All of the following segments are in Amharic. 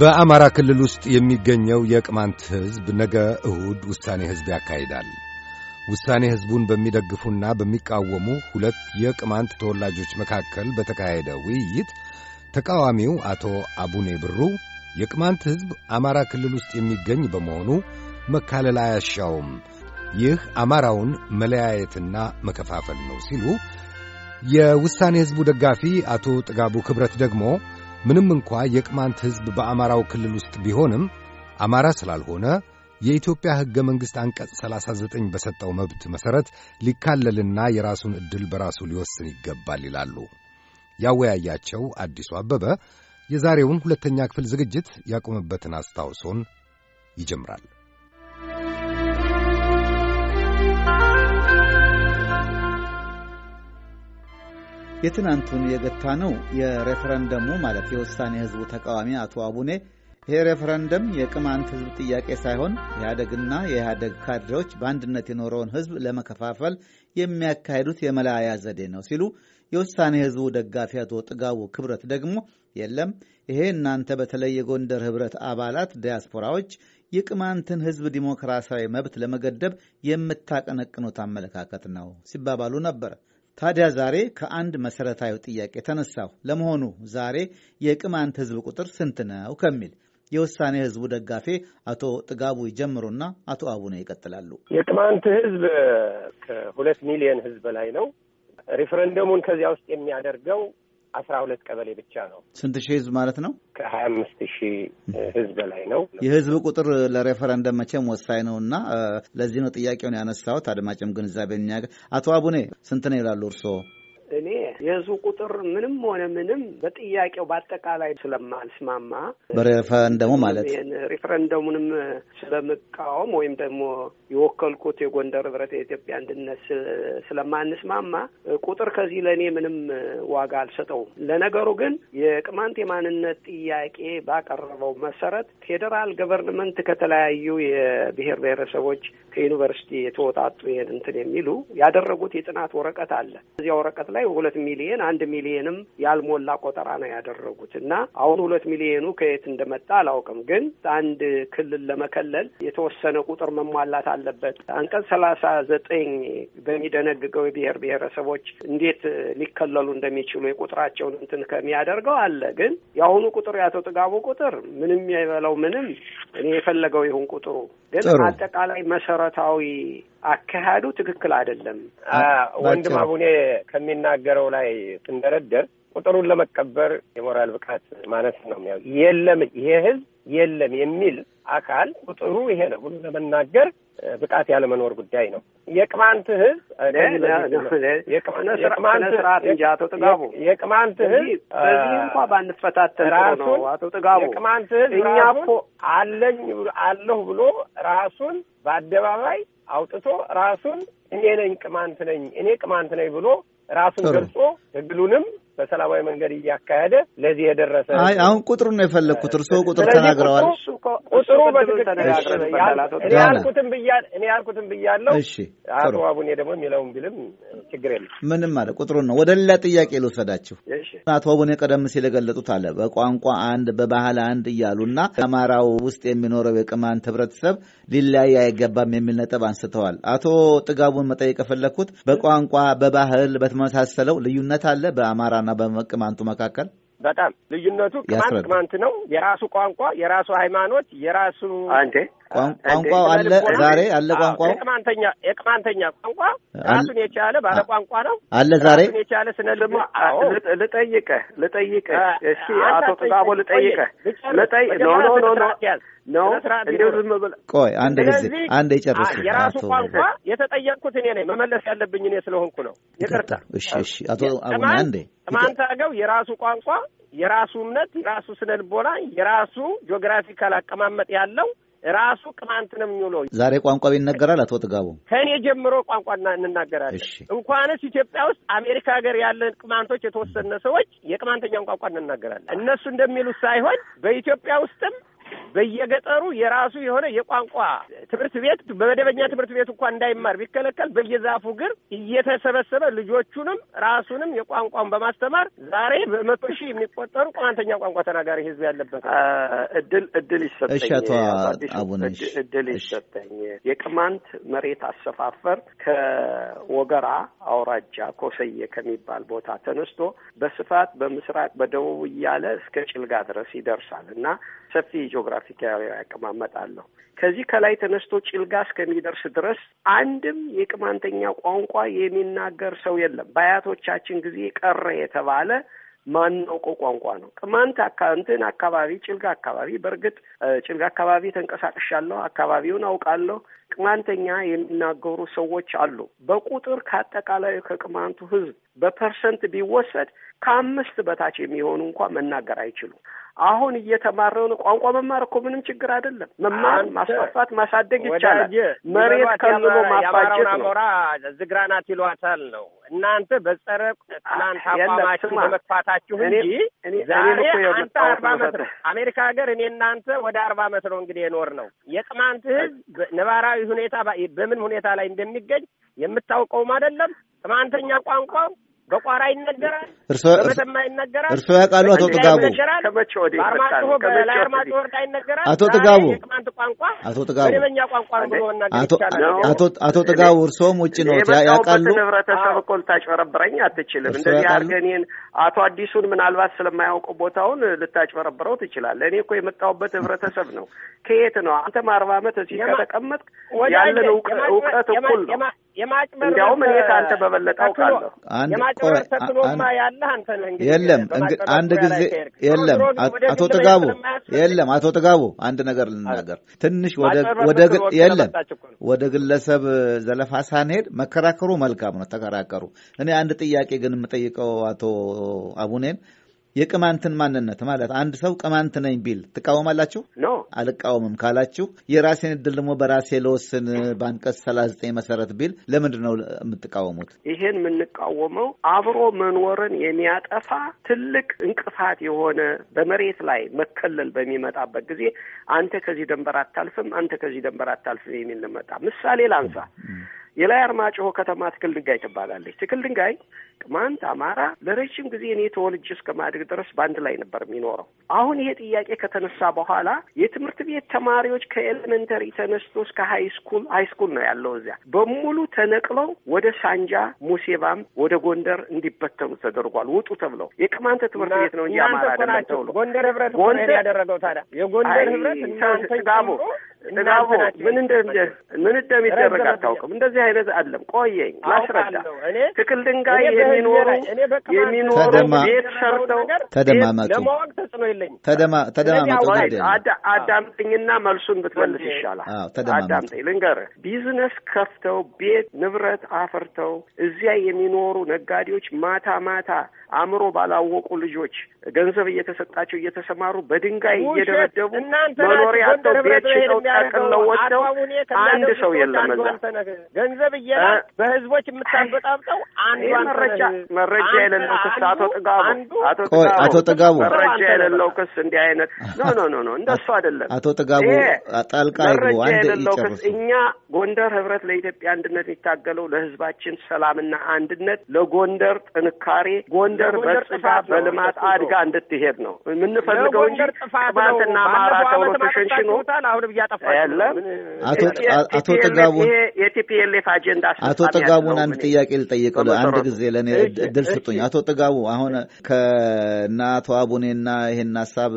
በአማራ ክልል ውስጥ የሚገኘው የቅማንት ሕዝብ ነገ እሁድ ውሳኔ ሕዝብ ያካሂዳል። ውሳኔ ሕዝቡን በሚደግፉና በሚቃወሙ ሁለት የቅማንት ተወላጆች መካከል በተካሄደ ውይይት ተቃዋሚው አቶ አቡኔ ብሩ የቅማንት ሕዝብ አማራ ክልል ውስጥ የሚገኝ በመሆኑ መካለል አያሻውም፣ ይህ አማራውን መለያየትና መከፋፈል ነው ሲሉ የውሳኔ ሕዝቡ ደጋፊ አቶ ጥጋቡ ክብረት ደግሞ ምንም እንኳ የቅማንት ሕዝብ በአማራው ክልል ውስጥ ቢሆንም አማራ ስላልሆነ የኢትዮጵያ ሕገ መንግሥት አንቀጽ 39 በሰጠው መብት መሠረት ሊካለልና የራሱን ዕድል በራሱ ሊወስን ይገባል ይላሉ። ያወያያቸው አዲሱ አበበ የዛሬውን ሁለተኛ ክፍል ዝግጅት ያቆመበትን አስታውሶን ይጀምራል። የትናንቱን የገታ ነው የሬፈረንደሙ ማለት የውሳኔ ህዝቡ ተቃዋሚ አቶ አቡኔ ይሄ ሬፈረንደም የቅማንት ህዝብ ጥያቄ ሳይሆን ኢህአደግና የኢህአደግ ካድሬዎች በአንድነት የኖረውን ህዝብ ለመከፋፈል የሚያካሂዱት የመለያያ ዘዴ ነው ሲሉ የውሳኔ ህዝቡ ደጋፊ አቶ ጥጋቡ ክብረት ደግሞ የለም ይሄ እናንተ በተለይ የጎንደር ህብረት አባላት ዲያስፖራዎች የቅማንትን ህዝብ ዲሞክራሲያዊ መብት ለመገደብ የምታቀነቅኑት አመለካከት ነው ሲባባሉ ነበር። ታዲያ ዛሬ ከአንድ መሰረታዊ ጥያቄ ተነሳሁ። ለመሆኑ ዛሬ የቅማንት ህዝብ ቁጥር ስንት ነው ከሚል የውሳኔ ህዝቡ ደጋፊ አቶ ጥጋቡ ይጀምሩና አቶ አቡነ ይቀጥላሉ። የቅማንት ህዝብ ከሁለት ሚሊዮን ህዝብ በላይ ነው። ሪፍረንደሙን ከዚያ ውስጥ የሚያደርገው አስራ ሁለት ቀበሌ ብቻ ነው። ስንት ሺህ ህዝብ ማለት ነው? ከሀያ አምስት ሺህ ህዝብ በላይ ነው። የህዝብ ቁጥር ለሬፈረንደም መቼም ወሳኝ ነው እና ለዚህ ነው ጥያቄውን ያነሳሁት። አድማጭም ግንዛቤ የሚያገ አቶ አቡኔ ስንት ነው ይላሉ እርስዎ? እኔ የህዝቡ ቁጥር ምንም ሆነ ምንም በጥያቄው በአጠቃላይ ስለማልስማማ በሬፈረንደሙ ማለት ሬፈረንደሙንም ስለምቃወም ወይም ደግሞ የወከልኩት የጎንደር ህብረት የኢትዮጵያ አንድነት ስለማንስማማ ቁጥር ከዚህ ለእኔ ምንም ዋጋ አልሰጠውም። ለነገሩ ግን የቅማንት የማንነት ጥያቄ ባቀረበው መሰረት ፌዴራል ገቨርንመንት ከተለያዩ የብሔር ብሔረሰቦች ከዩኒቨርሲቲ የተወጣጡ ይሄን እንትን የሚሉ ያደረጉት የጥናት ወረቀት አለ። እዚያ ወረቀት ላይ ሁለት ሚሊየን አንድ ሚሊየንም ያልሞላ ቆጠራ ነው ያደረጉት እና አሁን ሁለት ሚሊየኑ ከየት እንደመጣ አላውቅም። ግን አንድ ክልል ለመከለል የተወሰነ ቁጥር መሟላት አለበት። አንቀጽ ሰላሳ ዘጠኝ በሚደነግገው የብሔር ብሔረሰቦች እንዴት ሊከለሉ እንደሚችሉ የቁጥራቸውን እንትን ከሚያደርገው አለ። ግን የአሁኑ ቁጥር የአቶ ጥጋቡ ቁጥር ምንም የበለው ምንም እኔ የፈለገው ይሁን ቁጥሩ ግን አጠቃላይ መሰረታዊ አካሄዱ ትክክል አይደለም። ወንድም አቡኔ ከሚናገረው ላይ ስንደረደር ቁጥሩን ለመቀበር የሞራል ብቃት ማለት ነው የለም ይሄ ህዝብ የለም የሚል አካል ቁጥሩ ይሄ ነው ሁሉ ለመናገር ብቃት ያለመኖር ጉዳይ ነው። የቅማንት ህዝብ ስርዓት እንጂ አቶ ጥጋቡ የቅማንት ህዝብ በዚህ እንኳ ባንፈታተን ነው። አቶ ጥጋቡ የቅማንት ህዝብ እኛ እኮ አለኝ አለሁ ብሎ ራሱን በአደባባይ አውጥቶ ራሱን እኔ ነኝ ቅማንት ነኝ እኔ ቅማንት ነኝ ብሎ ራሱን ገልጾ ትግሉንም በሰላማዊ መንገድ እያካሄደ ለዚህ የደረሰ አይ አሁን ቁጥሩን ነው የፈለግኩት። እርስዎ ቁጥር ተናግረዋል። ቁጥሩ በትክክል እኔ ያልኩትን ብያ እኔ ያልኩትን ብያለሁ። አቶ አቡኔ ደግሞ የሚለውን ቢልም ችግር የለም ምንም አለ ቁጥሩን ነው። ወደ ሌላ ጥያቄ ልውሰዳችሁ። አቶ አቡኔ ቀደም ሲል የገለጡት አለ በቋንቋ አንድ በባህል አንድ እያሉና አማራው ውስጥ የሚኖረው የቅማንት ህብረተሰብ ሊለያይ አይገባም የሚል ነጥብ አንስተዋል። አቶ ጥጋቡን መጠየቅ የፈለግኩት በቋንቋ በባህል በተመሳሰለው ልዩነት አለ በአማራ በአማራና በቅማንቱ መካከል? በጣም ልዩነቱ ቅማንት ቅማንት ነው። የራሱ ቋንቋ፣ የራሱ ሃይማኖት፣ የራሱ አንቴ ቋንቋው አለ ዛሬ አለ ቋንቋው የቅማንተኛ የቅማንተኛ ቋንቋ ራሱን የቻለ ባለ ቋንቋ ነው አለ ዛሬ ራሱን የቻለ ስነ ልጠይቀ ልጠይቀ እሺ አቶ ተዛቦ ልጠይቀ ልጠይ ኖ ኖ ኖ ኖ ነው እንዲሁ ዝም ብለህ ቆይ አንድ ጊዜ አንድ የጨርስ የራሱ ቋንቋ የተጠየቅኩት እኔ ነኝ መመለስ ያለብኝ እኔ ስለሆንኩ ነው ይቅርታ እሺ እሺ አቶ አቡነ አንዴ ቅማንት አገው የራሱ ቋንቋ የራሱ እምነት የራሱ ስነ ልቦና የራሱ ጂኦግራፊካል አቀማመጥ ያለው ራሱ ቅማንት ነው የሚውለው። ዛሬ ቋንቋ ይነገራል። አቶ ጥጋቡ ከእኔ ጀምሮ ቋንቋ እንናገራለን። እንኳንስ ኢትዮጵያ ውስጥ አሜሪካ ሀገር ያለን ቅማንቶች የተወሰነ ሰዎች የቅማንተኛን ቋንቋ እንናገራለን። እነሱ እንደሚሉት ሳይሆን በኢትዮጵያ ውስጥም በየገጠሩ የራሱ የሆነ የቋንቋ ትምህርት ቤት በመደበኛ ትምህርት ቤት እንኳን እንዳይማር ቢከለከል በየዛፉ ግር እየተሰበሰበ ልጆቹንም ራሱንም የቋንቋውን በማስተማር ዛሬ በመቶ ሺህ የሚቆጠሩ ቋንተኛ ቋንቋ ተናጋሪ ህዝብ ያለበት እድል እድል ይሰጠኝ። አቡነ እድል ይሰጠኝ። የቅማንት መሬት አሰፋፈር ከወገራ አውራጃ ኮሰዬ ከሚባል ቦታ ተነስቶ በስፋት በምስራቅ በደቡብ እያለ እስከ ጭልጋ ድረስ ይደርሳል እና ሰፊ ጂኦግራፊካዊ አቀማመጥ አለው። ከዚህ ከላይ ተነስቶ ጭልጋ እስከሚደርስ ድረስ አንድም የቅማንተኛ ቋንቋ የሚናገር ሰው የለም። በአያቶቻችን ጊዜ ቀረ የተባለ ማናውቀው ቋንቋ ነው። ቅማንት እንትን አካባቢ ጭልጋ አካባቢ በእርግጥ ጭልጋ አካባቢ ተንቀሳቅሻለሁ፣ አካባቢውን አውቃለሁ። ቅማንተኛ የሚናገሩ ሰዎች አሉ። በቁጥር ከአጠቃላይ ከቅማንቱ ህዝብ በፐርሰንት ቢወሰድ ከአምስት በታች የሚሆኑ እንኳ መናገር አይችሉም። አሁን እየተማረውን ቋንቋ መማር እኮ ምንም ችግር አይደለም። መማር፣ ማስፋፋት፣ ማሳደግ ይቻላል። መሬት ከምሎ ማፋጀት ነው። አሞራ ዝግራናት ይሏታል ነው። እናንተ በጸረ ትናንት አቋማችሁ በመግፋታችሁ እንጂ ዛሬ አንተ አርባ ዓመት ነው አሜሪካ ሀገር እኔ እናንተ ወደ አርባ ዓመት ነው እንግዲህ የኖር ነው የቅማንት ህዝብ ነባራዊ ሁኔታ በምን ሁኔታ ላይ እንደሚገኝ የምታውቀውም አይደለም። ቅማንተኛ ቋንቋው በቋራ ይነገራል፣ በመተማ ይነገራል። እርስዎ ያውቃሉ አቶ ጥጋቡ? አርማጭሆ በላይ አርማጭሆ ወርዳ ይነገራል። አቶ ጥጋቡ ቅማንት ቋንቋ አቶ ጥጋቡ መደበኛ ቋንቋ ብሎ አቶ ጥጋቡ እርስዎም ውጭ ነው ያውቃሉ። ህብረተሰብ እኮ ልታጭበረብረኝ አትችልም። እንደዚህ አድርገህ እኔን አቶ አዲሱን ምናልባት ስለማያውቁ ቦታውን ልታጭበረብረው ትችላለህ። እኔ እኮ የመጣሁበት ህብረተሰብ ነው። ከየት ነው አንተም አርባ አመት እዚህ ከተቀመጥክ ያለን እውቀት እኩል ነው። እንዲያውም እኔ ከአንተ በበለጠ አውቃለሁ። አጨበርሰብሎማ አንተ ነህ። እንግዲህ የለም አንድ ጊዜ የለም አቶ ጥጋቡ የለም አቶ ጥጋቡ አንድ ነገር ልናገር ትንሽ ወደ የለም ወደ ግለሰብ ዘለፋ ሳንሄድ መከራከሩ መልካም ነው። ተከራከሩ። እኔ አንድ ጥያቄ ግን የምጠይቀው አቶ አቡኔን የቅማንትን ማንነት ማለት አንድ ሰው ቅማንት ነኝ ቢል ትቃወማላችሁ? ኖ አልቃወምም ካላችሁ የራሴን እድል ደግሞ በራሴ ለወስን በአንቀጽ ሰላሳ ዘጠኝ መሰረት ቢል ለምንድን ነው የምትቃወሙት? ይሄን የምንቃወመው አብሮ መኖርን የሚያጠፋ ትልቅ እንቅፋት የሆነ በመሬት ላይ መከለል በሚመጣበት ጊዜ አንተ ከዚህ ደንበር አታልፍም፣ አንተ ከዚህ ደንበር አታልፍም የሚል ንመጣ ምሳሌ ላንሳ። የላይ አርማጭሆ ከተማ ትክል ድንጋይ ትባላለች። ትክል ድንጋይ ቅማንት፣ አማራ ለረጅም ጊዜ እኔ እስከ ማድግ ድረስ በአንድ ላይ ነበር የሚኖረው። አሁን ይሄ ጥያቄ ከተነሳ በኋላ የትምህርት ቤት ተማሪዎች ከኤሌመንተሪ ተነስቶ እስከ ሀይ ስኩል ሀይ ስኩል ነው ያለው እዚያ በሙሉ ተነቅለው ወደ ሳንጃ ሙሴባም፣ ወደ ጎንደር እንዲበተኑ ተደርጓል። ውጡ ተብለው የቅማንተ ትምህርት ቤት ነው እንጂ አማራ አይደለም ተብሎ ጎንደር ህብረት ያደረገው ታዲያ የጎንደር ህብረት ምን እንደሚደረግ አታውቅም እንደዚህ አይነት አለም ቆየኝ ላስረዳ። ትክል ድንጋይ የሚኖሩ የሚኖሩ ቤት ሰርተው ተደማመጡ ተደማመጡ። አዳምጠኝና መልሱን ብትመልስ ይሻላል። አዳምጠኝ ልንገርህ። ቢዝነስ ከፍተው ቤት ንብረት አፍርተው እዚያ የሚኖሩ ነጋዴዎች ማታ ማታ አእምሮ ባላወቁ ልጆች ገንዘብ እየተሰጣቸው እየተሰማሩ በድንጋይ እየደበደቡ መኖሪያ ያለው ቤት ሽጠው ጠቅለው ወስደው አንድ ሰው የለም እዛ ገንዘብ እየላክ በህዝቦች የምታንበጣብጠው አንዱ መረጃ መረጃ የሌለው ክስ አቶ ጥጋቡ አቶ ጥጋቡ መረጃ የሌለው ክስ እንዲህ አይነት ኖ ኖ ኖ ኖ እንደሱ አይደለም። አቶ ጥጋቡ ጣልቃ ይግቡ። አንድ ይጨርሱ። እኛ ጎንደር ህብረት ለኢትዮጵያ አንድነት የታገለው ለህዝባችን ሰላምና አንድነት፣ ለጎንደር ጥንካሬ፣ ጎንደር በጽዳት በልማት አድጋ እንድትሄድ ነው የምንፈልገው እንጂ ጥፋትና ማራ ተብሎ ተሸንሽኖ የለም። አቶ ጥጋቡ የቲፒኤልኤፍ የወደፊት አጀንዳ አቶ ጥጋቡን አንድ ጥያቄ ልጠይቅ፣ አንድ ጊዜ ለእኔ እድል ስጡኝ። አቶ ጥጋቡ አሁን ከእነ አቶ አቡኔና ይህን ሀሳብ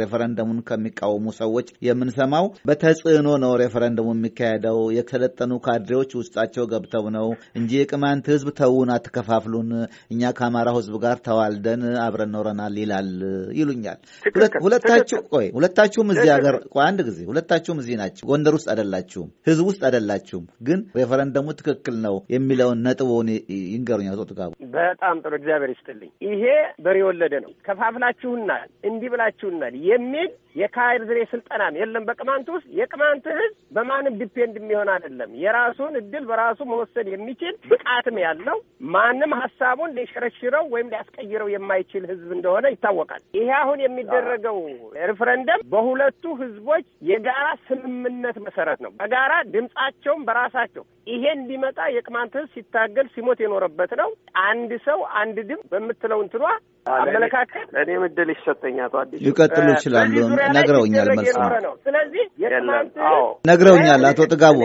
ሬፈረንደሙን ከሚቃወሙ ሰዎች የምንሰማው በተጽዕኖ ነው ሬፈረንደሙ የሚካሄደው የተሰለጠኑ ካድሬዎች ውስጣቸው ገብተው ነው እንጂ የቅማንት ህዝብ ተውን፣ አትከፋፍሉን፣ እኛ ከአማራው ህዝብ ጋር ተዋልደን አብረን ኖረናል ይላል ይሉኛል። ሁለታችሁ ቆይ ሁለታችሁም እዚህ ሀገር አንድ ጊዜ ሁለታችሁም እዚህ ናቸው። ጎንደር ውስጥ አይደላችሁም፣ ህዝብ ውስጥ አይደላችሁም። ግን ሬፈረንደሙ ትክክል ነው የሚለውን ነጥቡን ይንገሩኝ አቶ ጥጋቡ። በጣም ጥሩ እግዚአብሔር ይስጥልኝ። ይሄ በሬ ወለደ ነው። ከፋፍላችሁናል፣ እንዲህ ብላችሁናል የሚል የካድሬ ስልጠናም የለም። በቅማንት ውስጥ የቅማንት ህዝብ በማንም ዲፔንድ የሚሆን አይደለም። የራሱን እድል በራሱ መወሰን የሚችል ብቃትም ያለው ማንም ሀሳቡን ሊሸረሽረው ወይም ሊያስቀይረው የማይችል ህዝብ እንደሆነ ይታወቃል። ይሄ አሁን የሚደረገው ሪፍረንደም በሁለቱ ህዝቦች የጋራ ስምምነት መሰረት ነው። በጋራ ድምጻቸውም በራሳቸው ይሄ እንዲመጣ የቅማንት ህዝብ ሲታገል ሲሞት የኖረበት ነው። አንድ ሰው አንድ ድምፅ በምትለው እንትኗ አመለካከት እኔ ምድል ይሰጠኛል። አዲሱ ሊቀጥሉ ይችላሉ ነግረውኛል። መልስ ነው። ስለዚህ ነግረውኛል። አቶ ጥጋቡ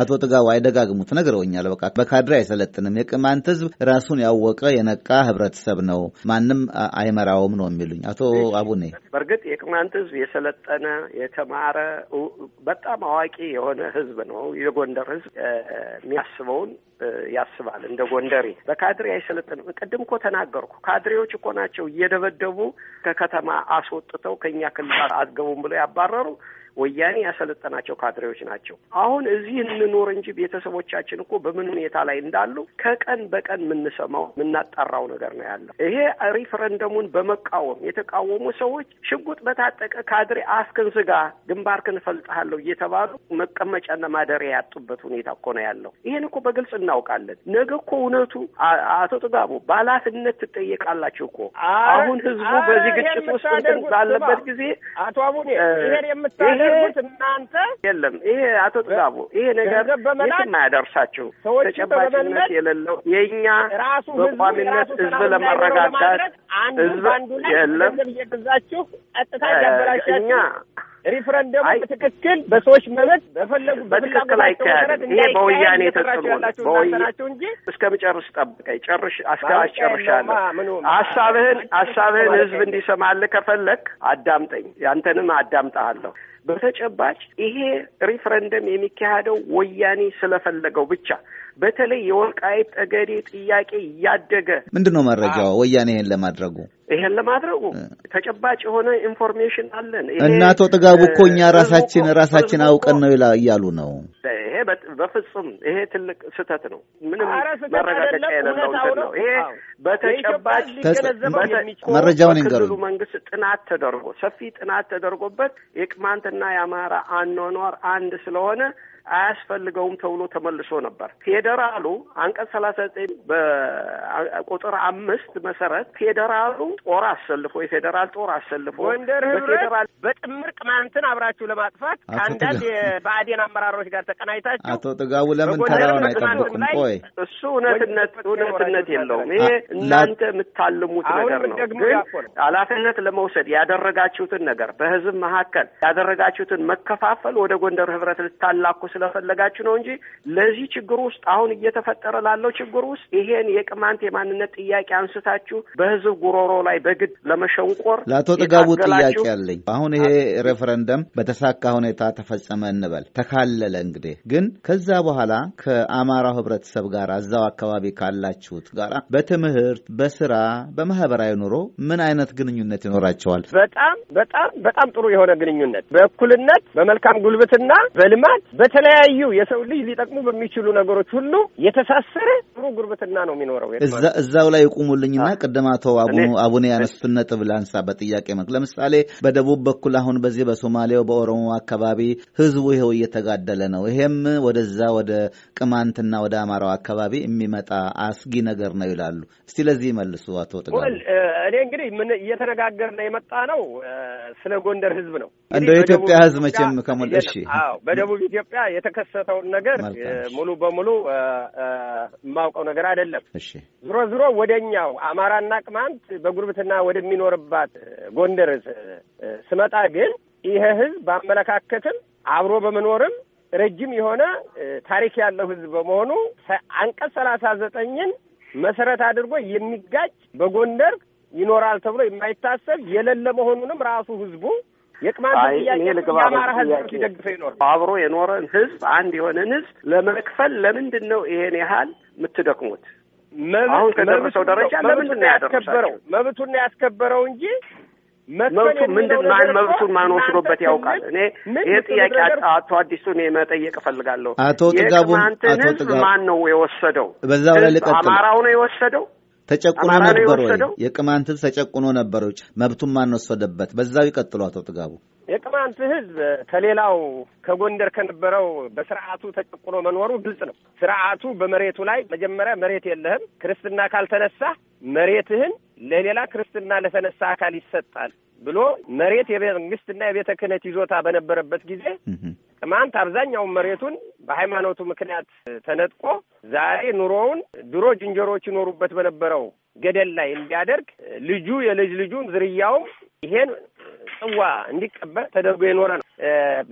አቶ ጥጋቡ አይደጋግሙት፣ ነግረውኛል። በቃ በካድሬ አይሰለጥንም። የቅማንት ህዝብ ራሱን ያወቀ የነቃ ህብረተሰብ ነው፣ ማንም አይመራውም ነው የሚሉኝ አቶ አቡኔ። በእርግጥ የቅማንት ህዝብ የሰለጠነ የተማረ በጣም አዋቂ የሆነ ህዝብ ነው። የጎንደር ህዝብ የሚያስበውን ያስባል እንደ ጎንደሬ በካድሬ አይሰለጥንም። ቅድም እኮ ተናገርኩ። ካድሬዎች እኮ ናቸው እየደበደቡ ከከተማ አስወጥተው ከእኛ ክልል አትገቡም ብለው ያባረሩ ወያኔ ያሰለጠናቸው ካድሬዎች ናቸው። አሁን እዚህ እንኖር እንጂ ቤተሰቦቻችን እኮ በምን ሁኔታ ላይ እንዳሉ ከቀን በቀን የምንሰማው የምናጣራው ነገር ነው ያለው። ይሄ ሪፍረንደሙን በመቃወም የተቃወሙ ሰዎች ሽጉጥ በታጠቀ ካድሬ አፍክን ስጋ፣ ግንባርክን እፈልጥሃለሁ እየተባሉ መቀመጫና ማደሪያ ያጡበት ሁኔታ እኮ ነው ያለው። ይሄን እኮ በግልጽ እናውቃለን። ነገ እኮ እውነቱ አቶ ጥጋቡ በኃላፊነት ትጠየቃላችሁ እኮ አሁን ህዝቡ በዚህ ግጭት ውስጥ ባለበት ጊዜ አቶ አቡኔ ይሄን ያደርጉት እናንተ የለም። ይሄ አቶ ጥጋቡ ይሄ ነገር የትም አያደርሳችሁ። ተጨባጭነት የሌለው የእኛ በቋሚነት ህዝብ ለማረጋጋት ህዝብ የለም እኛ ሪፍረንደሙ ትክክል በሰዎች መብት በፈለጉ በትክክል አይካሄድም። ይሄ በወያኔ ተጽዕኖ ናቸው እንጂ እስከ መጨረስ ጠብቀኝ፣ ጨርሽ አስጨርሻለሁ። ሀሳብህን ሀሳብህን ህዝብ እንዲሰማልህ ከፈለግ አዳምጠኝ፣ ያንተንም አዳምጠሃለሁ። በተጨባጭ ይሄ ሪፍረንደም የሚካሄደው ወያኔ ስለፈለገው ብቻ በተለይ የወልቃይት ጠገዴ ጥያቄ እያደገ ምንድን ነው መረጃው? ወያኔ ይሄን ለማድረጉ ይሄን ለማድረጉ ተጨባጭ የሆነ ኢንፎርሜሽን አለን። እና አቶ ጥጋቡ እኮ እኛ ራሳችን ራሳችን አውቀን ነው እያሉ ነው። ይሄ በፍጹም ይሄ ትልቅ ስህተት ነው። ምንም መረጋገጫ የሌለው ነው። ይሄ በተጨባጭ መረጃውን ክልሉ መንግስት ጥናት ተደርጎ ሰፊ ጥናት ተደርጎበት የቅማንትና የአማራ አኗኗር አንድ ስለሆነ አያስፈልገውም ተብሎ ተመልሶ ነበር። ፌዴራሉ አንቀጽ ሰላሳ ዘጠኝ በቁጥር አምስት መሰረት ፌዴራሉ ጦር አሰልፎ የፌዴራል ጦር አሰልፎ ጎንደር ህብረት በጥምር ቅማንትን አብራችሁ ለማጥፋት ከአንዳንድ የብአዴን አመራሮች ጋር ተቀናይታችሁ አቶ ጥጋቡ ለምን ተራውን አይጠብቁም? ቆይ እሱ እውነትነት እውነትነት የለውም። ይሄ እናንተ የምታልሙት ነገር ነው። ግን ኃላፊነት ለመውሰድ ያደረጋችሁትን ነገር በህዝብ መካከል ያደረጋችሁትን መከፋፈል ወደ ጎንደር ህብረት ልታላኩ ስለፈለጋችሁ ነው እንጂ ለዚህ ችግር ውስጥ አሁን እየተፈጠረ ላለው ችግር ውስጥ ይሄን የቅማንት የማንነት ጥያቄ አንስታችሁ በህዝብ ጉሮሮ ላይ በግድ ለመሸንቆር ለአቶ ጥጋቡ ጥያቄ አለኝ። አሁን ይሄ ሬፈረንደም በተሳካ ሁኔታ ተፈጸመ እንበል ተካለለ። እንግዲህ ግን ከዛ በኋላ ከአማራው ህብረተሰብ ጋር እዛው አካባቢ ካላችሁት ጋር በትምህርት፣ በስራ፣ በማህበራዊ ኑሮ ምን አይነት ግንኙነት ይኖራቸዋል? በጣም በጣም በጣም ጥሩ የሆነ ግንኙነት በእኩልነት በመልካም ጉልበትና በልማት በተ በተለያዩ የሰው ልጅ ሊጠቅሙ በሚችሉ ነገሮች ሁሉ የተሳሰረ ጥሩ ጉርብትና ነው የሚኖረው። እዛው ላይ ይቁሙልኝና ቅድም አቶ አቡነ ያነሱትን ነጥብ ላንሳ በጥያቄ መልክ። ለምሳሌ በደቡብ በኩል አሁን በዚህ በሶማሌው በኦሮሞ አካባቢ ህዝቡ ይኸው እየተጋደለ ነው። ይሄም ወደዛ ወደ ቅማንትና ወደ አማራው አካባቢ የሚመጣ አስጊ ነገር ነው ይላሉ። እስቲ ለዚህ መልሱ አቶ ጥጋሉ። እኔ እንግዲህ ምን እየተነጋገር የመጣ ነው ስለ ጎንደር ህዝብ ነው እንደ ኢትዮጵያ ህዝብ መቼም ከሞል እሺ፣ በደቡብ ኢትዮጵያ የተከሰተውን ነገር ሙሉ በሙሉ የማውቀው ነገር አይደለም። ዝሮ ዝሮ ወደኛው አማራና ቅማንት በጉርብትና ወደሚኖርባት ጎንደር ስመጣ ግን ይሄ ህዝብ በአመለካከትም አብሮ በመኖርም ረጅም የሆነ ታሪክ ያለው ህዝብ በመሆኑ አንቀጽ ሰላሳ ዘጠኝን መሰረት አድርጎ የሚጋጭ በጎንደር ይኖራል ተብሎ የማይታሰብ የሌለ መሆኑንም ራሱ ህዝቡ የቅማንት የአማራ ህዝብ ሲደግፈው ይኖር አብሮ የኖረን ህዝብ አንድ የሆነን ህዝብ ለመክፈል ለምንድን ነው ይሄን ያህል የምትደክሙት? አሁን ከደረሰው ደረጃ ለምንድን ነው ያደረሰው? መብቱን ያስከበረው እንጂ መብቱ ምንድን ማን መብቱን ማን ወስዶበት ያውቃል? እኔ ይህ ጥያቄ አቶ አዲሱን መጠየቅ እፈልጋለሁ። አቶ ጥጋቡ አቶ ጥጋቡ ማን ነው የወሰደው? በዛው ላይ ልቀጥል። አማራው ነው የወሰደው ተጨቁኖ ነበር ወይ? የቅማንት ህዝብ ተጨቁኖ ነበር ወይ? መብቱን ማን ወሰደበት? በዛው ይቀጥሉ አቶ ጥጋቡ። የቅማንት ህዝብ ከሌላው ከጎንደር ከነበረው በስርዓቱ ተጨቁኖ መኖሩ ግልጽ ነው። ስርዓቱ በመሬቱ ላይ መጀመሪያ መሬት የለህም፣ ክርስትና ካልተነሳ መሬትህን ለሌላ ክርስትና ለተነሳ አካል ይሰጣል ብሎ መሬት የመንግስትና የቤተ ክህነት ይዞታ በነበረበት ጊዜ ቅማንት አብዛኛውን መሬቱን በሃይማኖቱ ምክንያት ተነጥቆ ዛሬ ኑሮውን ድሮ ዝንጀሮዎች ይኖሩበት በነበረው ገደል ላይ እንዲያደርግ ልጁ የልጅ ልጁም ዝርያውም ይሄን ጽዋ እንዲቀበል ተደርጎ የኖረ ነው።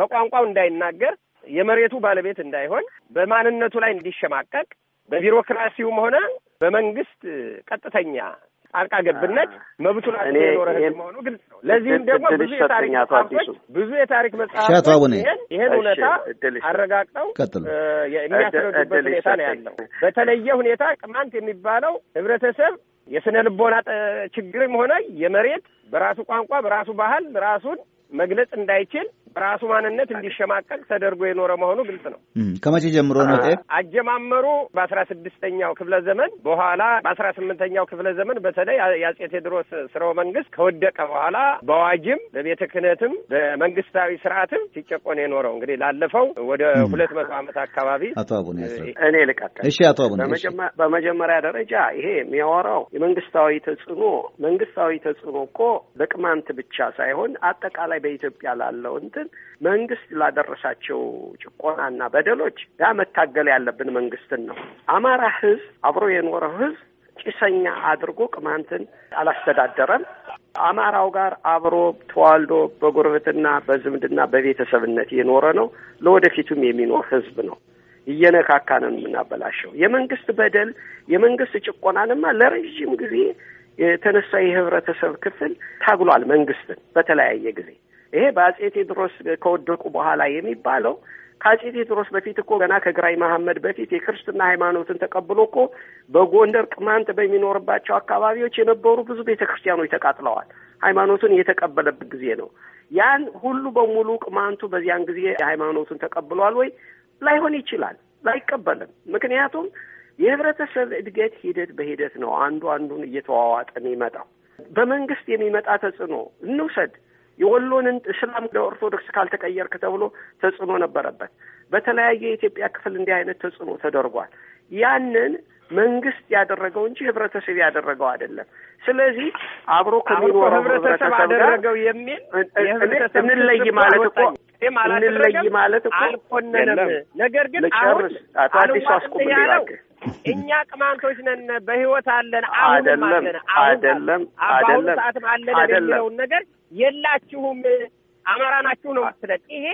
በቋንቋው እንዳይናገር የመሬቱ ባለቤት እንዳይሆን በማንነቱ ላይ እንዲሸማቀቅ በቢሮክራሲውም ሆነ በመንግስት ቀጥተኛ ጣልቃ ገብነት መብቱን ኖረ ህዝብ መሆኑ ግልጽ ነው። ለዚህም ደግሞ ብዙ የታሪክ መጽሐፎች ብዙ የታሪክ መጽሐፎች ይህን እውነታ አረጋግጠው የሚያስረዱበት ሁኔታ ነው ያለው። በተለየ ሁኔታ ቅማንት የሚባለው ህብረተሰብ የስነ ልቦና ችግርም ሆነ የመሬት በራሱ ቋንቋ በራሱ ባህል ራሱን መግለጽ እንዳይችል በራሱ ማንነት እንዲሸማቀቅ ተደርጎ የኖረ መሆኑ ግልጽ ነው። ከመቼ ጀምሮ ነው? አጀማመሩ በአስራ ስድስተኛው ክፍለ ዘመን በኋላ በአስራ ስምንተኛው ክፍለ ዘመን በተለይ የአጼ ቴዎድሮስ ስርወ መንግስት ከወደቀ በኋላ በአዋጅም በቤተ ክህነትም በመንግስታዊ ስርዓትም ሲጨቆን የኖረው እንግዲህ ላለፈው ወደ ሁለት መቶ ዓመት አካባቢ አቶ አቡነ እኔ ልቀጥል። እሺ አቶ አቡነ በመጀመሪያ ደረጃ ይሄ የሚያወራው የመንግስታዊ ተጽዕኖ መንግስታዊ ተጽዕኖ እኮ ለቅማንት ብቻ ሳይሆን አጠቃላይ በአጠቃላይ በኢትዮጵያ ላለው እንትን መንግስት ላደረሳቸው ጭቆናና በደሎች ያ መታገል ያለብን መንግስትን ነው። አማራ ህዝብ አብሮ የኖረው ህዝብ ጭሰኛ አድርጎ ቅማንትን አላስተዳደረም። አማራው ጋር አብሮ ተዋልዶ በጉርብትና በዝምድና በቤተሰብነት የኖረ ነው። ለወደፊቱም የሚኖር ህዝብ ነው። እየነካካ ነው የምናበላሸው። የመንግስት በደል የመንግስት ጭቆናንማ ለረዥም ጊዜ የተነሳ የህብረተሰብ ክፍል ታግሏል። መንግስትን በተለያየ ጊዜ ይሄ በአጼ ቴዎድሮስ ከወደቁ በኋላ የሚባለው ከአጼ ቴዎድሮስ በፊት እኮ ገና ከግራኝ መሐመድ በፊት የክርስትና ሃይማኖትን ተቀብሎ እኮ በጎንደር ቅማንት በሚኖርባቸው አካባቢዎች የነበሩ ብዙ ቤተ ክርስቲያኖች ተቃጥለዋል። ሃይማኖቱን የተቀበለበት ጊዜ ነው። ያን ሁሉ በሙሉ ቅማንቱ በዚያን ጊዜ ሃይማኖቱን ተቀብሏል ወይ? ላይሆን ይችላል፣ ላይቀበልም። ምክንያቱም የህብረተሰብ እድገት ሂደት በሂደት ነው። አንዱ አንዱን እየተዋዋጠ የሚመጣው በመንግስት የሚመጣ ተጽዕኖ እንውሰድ የወሎንን እስላም ወደ ኦርቶዶክስ ካልተቀየርክ ተብሎ ተጽዕኖ ነበረበት። በተለያየ የኢትዮጵያ ክፍል እንዲህ አይነት ተጽዕኖ ተደርጓል። ያንን መንግስት ያደረገው እንጂ ህብረተሰብ ያደረገው አይደለም። ስለዚህ አብሮ ከሚኖረው ህብረተሰብ አደረገው የሚል እንለይ ማለት እኮ እንለይ ማለት እኮ አልኮነንም። ነገር ግን አሁን አዲሱ አስቁም ያለው እኛ ቅማንቶች ነን፣ በህይወት አለን፣ አሁንም አለን፣ አሁን አሁን ሰዓትም አለን የሚለውን ነገር የላችሁም አማራ ናችሁ ነው አትለን። ይሄ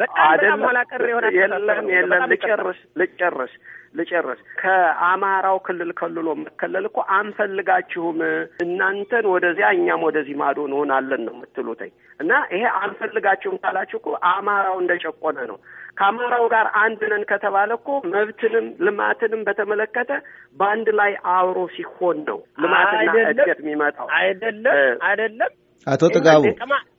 በጣም በጣም ቀር የለም የለም። ልጨርስ ልጨርስ ልጨርስ ከአማራው ክልል ከልሎ መከለል እኮ አንፈልጋችሁም፣ እናንተን ወደዚያ እኛም ወደዚህ ማዶ እንሆናለን ነው የምትሉትኝ። እና ይሄ አንፈልጋችሁም ካላችሁ እኮ አማራው እንደጨቆነ ነው። ከአማራው ጋር አንድ ነን ከተባለ እኮ መብትንም ልማትንም በተመለከተ በአንድ ላይ አብሮ ሲሆን ነው ልማትና እድገት የሚመጣው። አይደለም አይደለም አቶ ጥጋቡ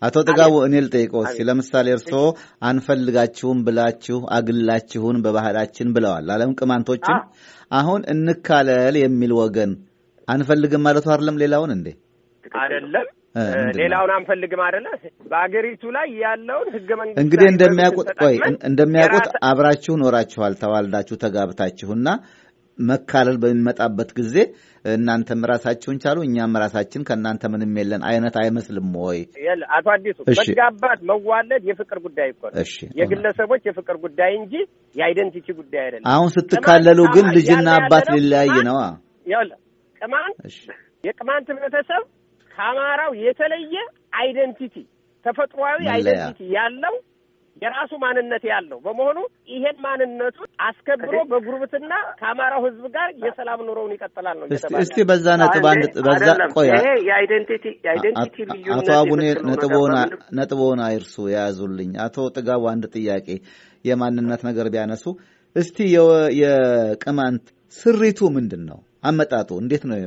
አቶ ጥጋቡ እኔ ልጠይቀው ለምሳሌ እርስዎ አንፈልጋችሁም ብላችሁ አግላችሁን በባህላችን ብለዋል አለም ቅማንቶችን አሁን እንካለል የሚል ወገን አንፈልግም ማለቱ አይደለም ሌላውን እንዴ አይደለም ሌላውን አንፈልግም አይደለ? በአገሪቱ ላይ ያለውን ህገ መንግስት እንግዲህ እንደሚያውቁት ቆይ እንደሚያውቁት አብራችሁ ኖራችኋል ተዋልዳችሁ ተጋብታችሁና መካለል በሚመጣበት ጊዜ እናንተም ራሳችሁን ቻሉ፣ እኛም ራሳችን ከእናንተ ምንም የለን አይነት አይመስልም ወይ? አቶ አዲሱ መጋባት መዋለድ የፍቅር ጉዳይ እኮ ነው፣ የግለሰቦች የፍቅር ጉዳይ እንጂ የአይደንቲቲ ጉዳይ አይደለም። አሁን ስትካለሉ ግን ልጅና አባት ሊለያይ ነው። ቅማንት የቅማንት ህብረተሰብ ከአማራው የተለየ አይደንቲቲ ተፈጥሯዊ አይደንቲቲ ያለው የራሱ ማንነት ያለው በመሆኑ ይሄን ማንነቱን አስከብሮ በጉርብትና ከአማራው ህዝብ ጋር የሰላም ኑሮውን ይቀጥላል ነው። እስቲ በዛ ነጥብ አንድ በዛ ቆያ የአይደንቲቲ አቶ አቡኔ ነጥቦውን አይርሱ የያዙልኝ። አቶ ጥጋቡ አንድ ጥያቄ የማንነት ነገር ቢያነሱ እስቲ የቅማንት ስሪቱ ምንድን ነው? አመጣጡ እንዴት ነው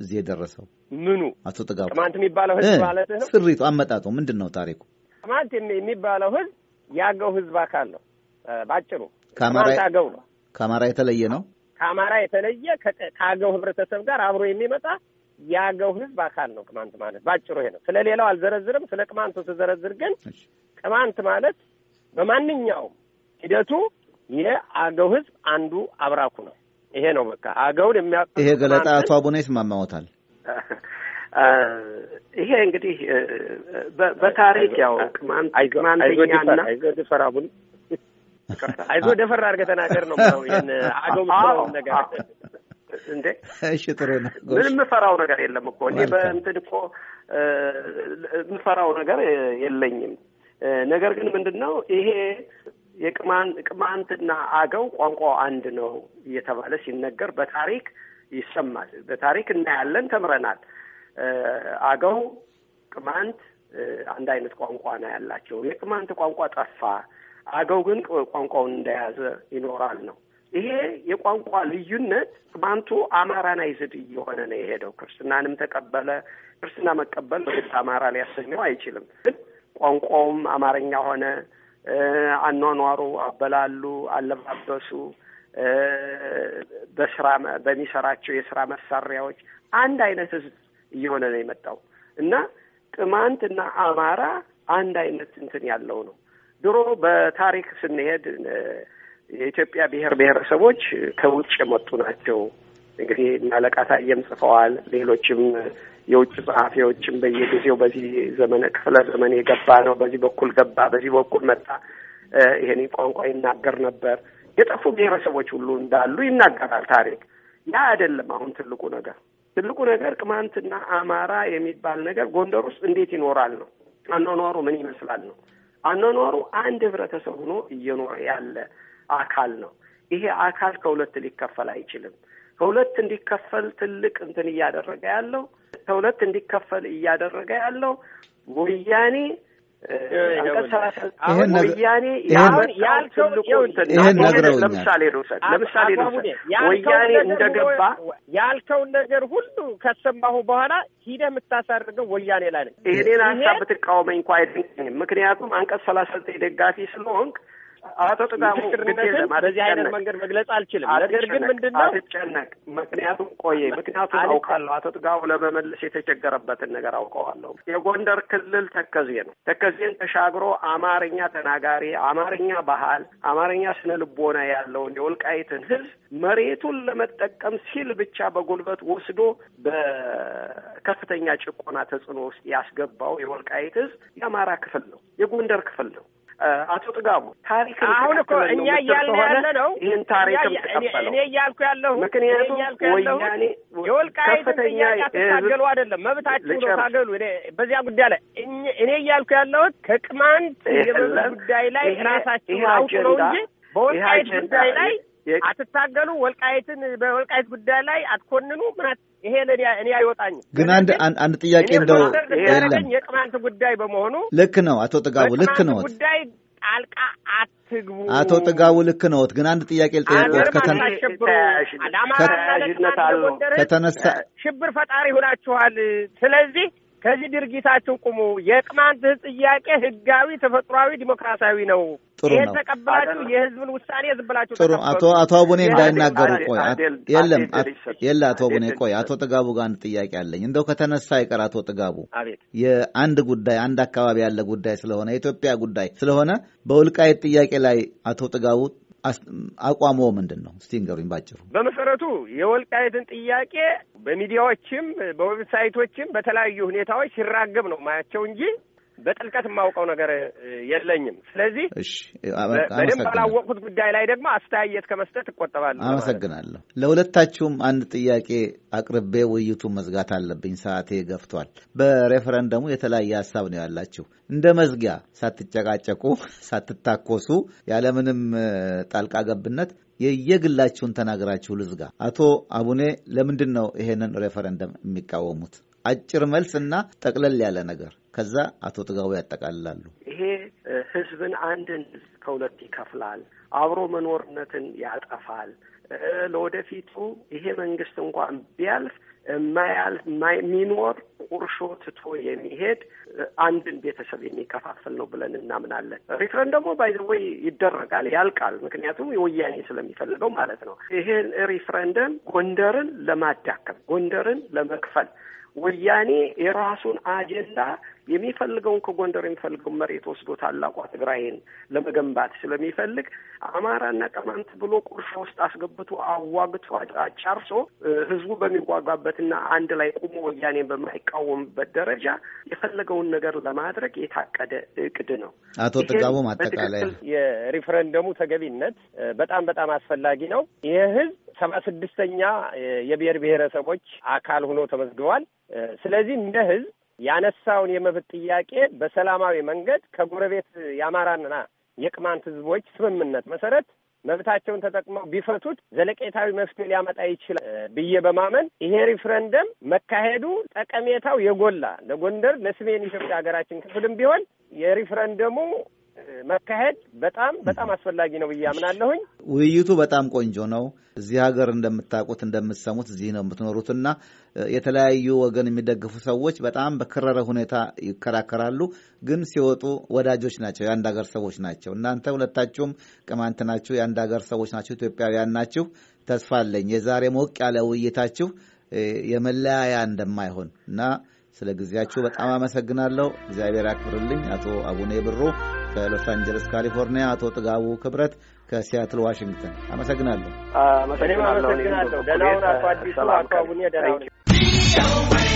እዚህ የደረሰው? ምኑ አቶ ጥጋቡ ቅማንት የሚባለው ህዝብ ማለት ነው። ስሪቱ አመጣጡ ምንድን ነው? ታሪኩ ቅማንት የሚባለው ህዝብ የአገው ህዝብ አካል ነው። ባጭሩ አገው ነው። ከአማራ የተለየ ነው። ከአማራ የተለየ ከአገው ህብረተሰብ ጋር አብሮ የሚመጣ የአገው ህዝብ አካል ነው ቅማንት ማለት ባጭሩ ይሄ ነው። ስለ ሌላው አልዘረዝርም። ስለ ቅማንቱ ስዘረዝር ግን ቅማንት ማለት በማንኛውም ሂደቱ የአገው ህዝብ አንዱ አብራኩ ነው። ይሄ ነው በቃ አገውን የሚያ ይሄ ገለጣ አቶ አቡነ ይስማማዎታል። ይሄ እንግዲህ በታሪክ ያው ቅማን ቅማንተኛና አይዞህ ደፈር አሁን አይዞህ አድርገህ ተናገር ነው የምለው። አገው ምትለውን ነገር እንዴ እሺ፣ ጥሩ ነው። ምን የምፈራው ነገር የለም እኮ እኔ በእንትን እኮ የምፈራው ነገር የለኝም። ነገር ግን ምንድን ነው ይሄ የቅማን ቅማንትና አገው ቋንቋ አንድ ነው እየተባለ ሲነገር በታሪክ ይሰማል። በታሪክ እናያለን፣ ተምረናል። አገው፣ ቅማንት አንድ አይነት ቋንቋ ነው ያላቸው። የቅማንት ቋንቋ ጠፋ፣ አገው ግን ቋንቋውን እንደያዘ ይኖራል ነው። ይሄ የቋንቋ ልዩነት ቅማንቱ አማራናይዝድ እየሆነ ነው የሄደው። ክርስትናንም ተቀበለ። ክርስትና መቀበል በግድ አማራ ሊያሰኘው አይችልም። ግን ቋንቋውም አማርኛ ሆነ። አኗኗሩ፣ አበላሉ፣ አለባበሱ፣ በስራ በሚሰራቸው የስራ መሳሪያዎች አንድ አይነት ህዝብ እየሆነ ነው የመጣው እና ቅማንት እና አማራ አንድ አይነት እንትን ያለው ነው። ድሮ በታሪክ ስንሄድ የኢትዮጵያ ብሔር ብሔረሰቦች ከውጭ የመጡ ናቸው። እንግዲህ አለቃ ታየም ጽፈዋል። ሌሎችም የውጭ ጸሐፊዎችም በየጊዜው በዚህ ዘመነ ክፍለ ዘመን የገባ ነው፣ በዚህ በኩል ገባ፣ በዚህ በኩል መጣ፣ ይሄኔ ቋንቋ ይናገር ነበር፣ የጠፉ ብሔረሰቦች ሁሉ እንዳሉ ይናገራል ታሪክ። ያ አይደለም አሁን ትልቁ ነገር። ትልቁ ነገር ቅማንትና አማራ የሚባል ነገር ጎንደር ውስጥ እንዴት ይኖራል ነው። አኗኗሩ ምን ይመስላል ነው። አኗኗሩ አንድ ህብረተሰብ ሆኖ እየኖረ ያለ አካል ነው። ይሄ አካል ከሁለት ሊከፈል አይችልም። ከሁለት እንዲከፈል ትልቅ እንትን እያደረገ ያለው ከሁለት እንዲከፈል እያደረገ ያለው ወያኔ ይሄን ለምሳሌ ለምሳሌ ወያኔ እንደገባ ያልከውን ነገር ሁሉ ከሰማሁ በኋላ ሂደህ የምታሳርገው ወያኔ ላይ ነው። ይህኔን ሀሳብ ብትቃወመኝ እንኳ ምክንያቱም አንቀጽ ሰላሳ ዘጠኝ ደጋፊ ስለሆንክ አቶ ጥታሙ ምስክርነትን በዚህ አይነት መንገድ መግለጽ አልችልም። ነገር ግን ምንድን ነው አትጨነቅ። ምክንያቱም ቆየ ምክንያቱም አውቃለሁ። አቶ ጥቃሙ ለመመለስ የተቸገረበትን ነገር አውቀዋለሁ። የጎንደር ክልል ተከዜ ነው። ተከዜን ተሻግሮ አማርኛ ተናጋሪ አማርኛ ባህል፣ አማርኛ ስነ ልቦና ያለውን የወልቃይትን ህዝብ መሬቱን ለመጠቀም ሲል ብቻ በጉልበት ወስዶ በከፍተኛ ጭቆና ተጽዕኖ ውስጥ ያስገባው የወልቃይት ህዝብ የአማራ ክፍል ነው፣ የጎንደር ክፍል ነው። አቶ ጥጋቡ ታሪክ አሁን እኮ እኛ እያልን ያለ ነው። ይህን ታሪክ እኔ እያልኩ ያለሁ ምክንያቱም ወያኔ የወልቃይትን ጥያቄ ታገሉ አይደለም መብታችሁ ነው፣ ታገሉ። በዚያ ጉዳይ ላይ እኔ እያልኩ ያለሁት ከቅማንት የመብት ጉዳይ ላይ ራሳችሁ አውቅ ነው እንጂ በወልቃይት ጉዳይ ላይ አትታገሉ፣ ወልቃይትን በወልቃይት ጉዳይ ላይ አትኮንኑ፣ ምናት ይሄ እኔ አይወጣኝም። ግን አንድ አንድ ጥያቄ እንደው የለም የቅማንት ጉዳይ በመሆኑ ልክ ነው አቶ ጥጋቡ ልክ ነው ጉዳይ ጣልቃ አትግቡ። አቶ ጥጋቡ ልክ ነዎት። ግን አንድ ጥያቄ ልጠይቅዎት ከተነሳ ሽብር ፈጣሪ ሆናችኋል። ስለዚህ ከዚህ ድርጊታችሁ ቁሙ። የቅማንት ጥያቄ ህጋዊ፣ ተፈጥሯዊ፣ ዲሞክራሲያዊ ነው። ጥሩ ነው። የተቀበላችሁ የህዝብን ውሳኔ ዝም ብላችሁ ጥሩ። አቶ አቶ አቡኔ እንዳይናገሩ ቆይ፣ የለም የለ፣ አቶ አቡኔ ቆይ፣ አቶ ጥጋቡ ጋር አንድ ጥያቄ አለኝ። እንደው ከተነሳ አይቀር አቶ ጥጋቡ የአንድ ጉዳይ አንድ አካባቢ ያለ ጉዳይ ስለሆነ የኢትዮጵያ ጉዳይ ስለሆነ በውልቃይት ጥያቄ ላይ አቶ ጥጋቡ አቋሞ ምንድን ነው? እስቲ ንገሩኝ ባጭሩ። በመሰረቱ የወልቃይትን ጥያቄ በሚዲያዎችም በዌብሳይቶችም በተለያዩ ሁኔታዎች ሲራገብ ነው ማያቸው እንጂ በጥልቀት የማውቀው ነገር የለኝም። ስለዚህ በደንብ ባላወቅሁት ጉዳይ ላይ ደግሞ አስተያየት ከመስጠት እቆጠባለሁ። አመሰግናለሁ። ለሁለታችሁም አንድ ጥያቄ አቅርቤ ውይይቱ መዝጋት አለብኝ፣ ሰዓቴ ገፍቷል። በሬፈረንደሙ የተለያየ ሀሳብ ነው ያላችሁ። እንደ መዝጊያ ሳትጨቃጨቁ፣ ሳትታኮሱ፣ ያለምንም ጣልቃ ገብነት የየግላችሁን ተናግራችሁ ልዝጋ። አቶ አቡኔ ለምንድን ነው ይሄንን ሬፈረንደም የሚቃወሙት? አጭር መልስ እና ጠቅለል ያለ ነገር ከዛ አቶ ጥጋቡ ያጠቃልላሉ። ይሄ ህዝብን አንድን ህዝብ ከሁለት ይከፍላል፣ አብሮ መኖርነትን ያጠፋል። ለወደፊቱ ይሄ መንግስት እንኳን ቢያልፍ የማያልፍ የሚኖር ቁርሾ ትቶ የሚሄድ አንድን ቤተሰብ የሚከፋፍል ነው ብለን እናምናለን። ሪፍረንደሙ ባይዘወይ ይደረጋል፣ ያልቃል። ምክንያቱም የወያኔ ስለሚፈልገው ማለት ነው። ይሄን ሪፍረንደም ጎንደርን ለማዳከም፣ ጎንደርን ለመክፈል ወያኔ የራሱን አጀንዳ የሚፈልገውን ከጎንደር የሚፈልገውን መሬት ወስዶ ታላቋ ትግራይን ለመገንባት ስለሚፈልግ አማራና ቀማንት ብሎ ቁርሾ ውስጥ አስገብቶ አዋግቶ አጫርሶ ህዝቡ በሚጓጓበትና አንድ ላይ ቁሞ ወያኔን በማይቃወምበት ደረጃ የፈለገውን ነገር ለማድረግ የታቀደ እቅድ ነው። አቶ ጥጋቡ ማጠቃለያ የሪፍረንደሙ ተገቢነት በጣም በጣም አስፈላጊ ነው። ይህ ህዝብ ሰባ ስድስተኛ የብሔር ብሔረሰቦች አካል ሆኖ ተመዝግቧል። ስለዚህ እንደ ህዝብ ያነሳውን የመብት ጥያቄ በሰላማዊ መንገድ ከጎረቤት የአማራና የቅማንት ህዝቦች ስምምነት መሰረት መብታቸውን ተጠቅመው ቢፈቱት ዘለቄታዊ መፍትሄ ሊያመጣ ይችላል ብዬ በማመን ይሄ ሪፍረንደም መካሄዱ ጠቀሜታው የጎላ ለጎንደር፣ ለሰሜን ኢትዮጵያ ሀገራችን ክፍልም ቢሆን የሪፍረንደሙ መካሄድ በጣም በጣም አስፈላጊ ነው ብዬ አምናለሁኝ። ውይይቱ በጣም ቆንጆ ነው። እዚህ ሀገር እንደምታውቁት እንደምትሰሙት እዚህ ነው የምትኖሩትና የተለያዩ ወገን የሚደግፉ ሰዎች በጣም በከረረ ሁኔታ ይከራከራሉ፣ ግን ሲወጡ ወዳጆች ናቸው፣ የአንድ ሀገር ሰዎች ናቸው። እናንተ ሁለታችሁም ቅማንት ናችሁ፣ የአንድ ሀገር ሰዎች ናችሁ፣ ኢትዮጵያውያን ናችሁ። ተስፋ አለኝ የዛሬ ሞቅ ያለ ውይይታችሁ የመለያያ እንደማይሆን እና ስለ ጊዜያችሁ በጣም አመሰግናለሁ። እግዚአብሔር ያክብርልኝ። አቶ አቡኔ ብሩ ከሎስ አንጀለስ ካሊፎርኒያ፣ አቶ ጥጋቡ ክብረት ከሲያትል ዋሽንግተን። አመሰግናለሁ። አመሰግናለሁ። ደህና ሁኑ አቶ አዲሱ አቶ አቡኔ ደህና ሁኑ።